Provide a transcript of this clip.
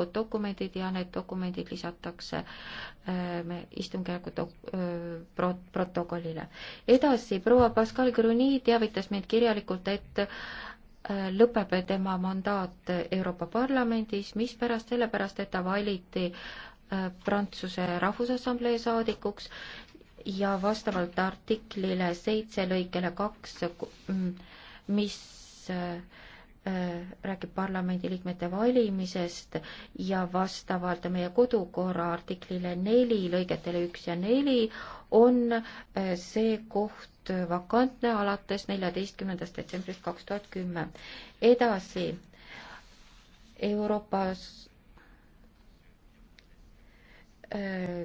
isiklikud dokumendid ja need dokumendid lisatakse äh, istungjärgu dok-, äh, pro-, protokollile. edasi, proua Pascal Gruny teavitas meid kirjalikult, et äh, lõpeb tema mandaat Euroopa Parlamendis, mispärast, sellepärast et ta valiti Prantsuse Rahvusassamblee saadikuks ja vastavalt artiklile seitse lõikele kaks, mm, mis Äh, räägib parlamendiliikmete valimisest ja vastavalt meie kodukorra artiklile neli, lõigetele üks ja neli, on äh, see koht vakantne alates neljateistkümnendast detsembrist kaks tuhat kümme. edasi, Euroopas äh,